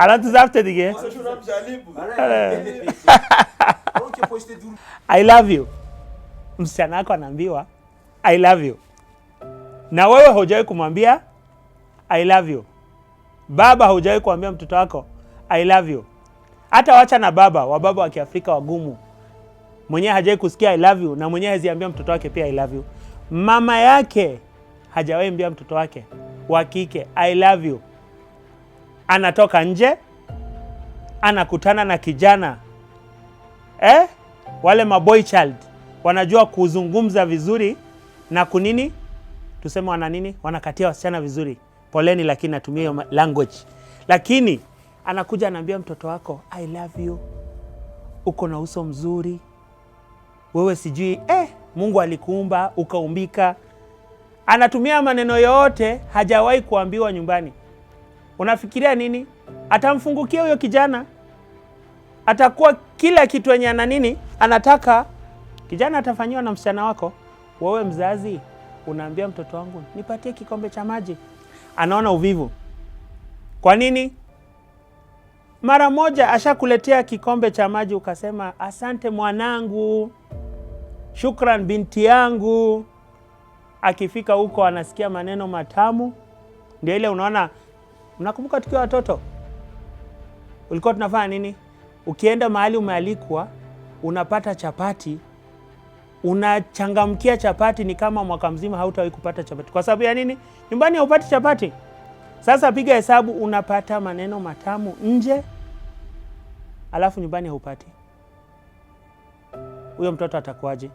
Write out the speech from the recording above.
الان تو ضبط دیگه I love you. Msichana wako anaambiwa I love you, na wewe haujawai kumwambia I love you. Baba haujawai kuambia mtoto wako I love you. Hata wacha na baba wa baba wa Kiafrika wagumu, mwenyewe hajawahi kusikia I love you, na mwenyewe haziambia mtoto wake pia I love you. Mama yake hajawai mbia mtoto wake wa kike I love you, anatoka nje anakutana na kijana eh? Wale maboy child wanajua kuzungumza vizuri na kunini, tuseme wana nini, wanakatia wasichana vizuri. Poleni, lakini natumia hiyo language. Lakini anakuja anaambia mtoto wako I love you, uko na uso mzuri wewe, sijui eh, Mungu alikuumba ukaumbika anatumia maneno yote hajawahi kuambiwa nyumbani. Unafikiria nini? Atamfungukia huyo kijana, atakuwa kila kitu yenye ana nini anataka kijana atafanyiwa na msichana wako. Wewe mzazi unaambia mtoto wangu nipatie kikombe cha maji, anaona uvivu. Kwa nini? Mara moja ashakuletea kikombe cha maji, ukasema asante mwanangu, shukran binti yangu akifika huko anasikia maneno matamu. Ndio ile unaona, unakumbuka tukiwa watoto ulikuwa tunafanya nini? Ukienda mahali umealikwa, unapata chapati, unachangamkia chapati, ni kama mwaka mzima hautawahi kupata chapati. Kwa sababu ya nini? Nyumbani haupati chapati. Sasa piga hesabu, unapata maneno matamu nje, alafu nyumbani haupati. Huyo mtoto atakuwaje?